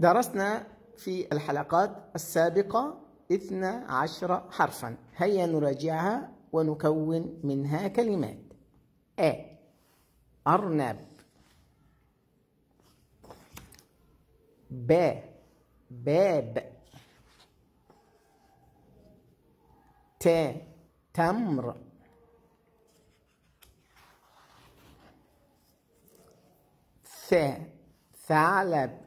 درسنا في الحلقات السابقة 12 حرفا هيا نراجعها ونكون منها كلمات أ أرنب ب باب ت تمر ث ثعلب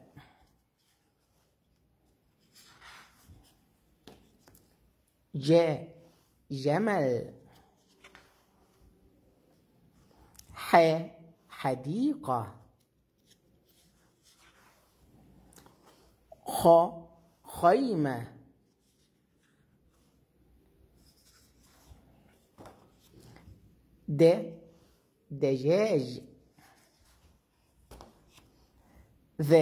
ج جمل ح حديقة خ خيمة د دجاج ذ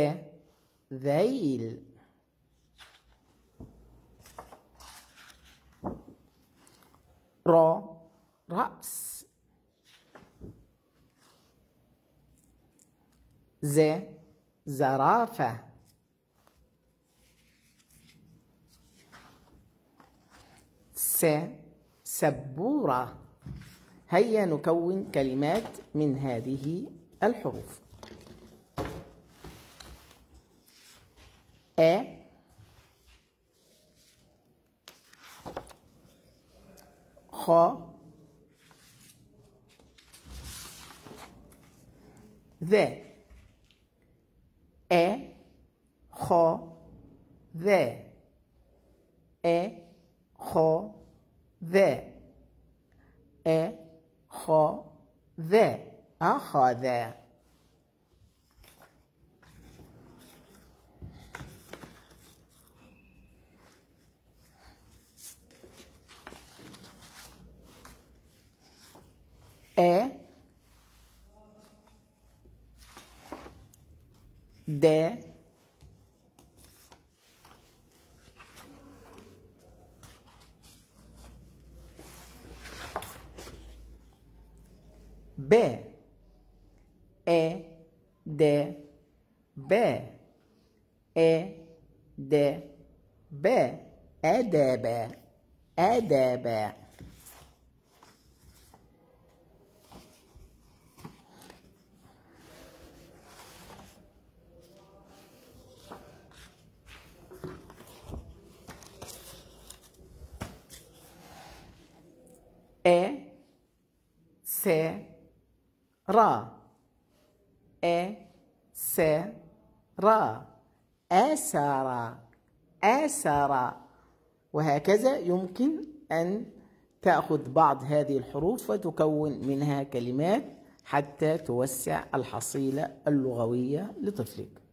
ذيل را رأس ز زرافة س سبورة هيا نكون كلمات من هذه الحروف أ ve e ho ve e ho ve e ho ve a ho there é de B é de B é de B é de B é de B س را ا س را أسر أسر وهكذا يمكن أن تأخذ بعض هذه الحروف وتكون منها كلمات حتى توسع الحصيلة اللغوية لطفلك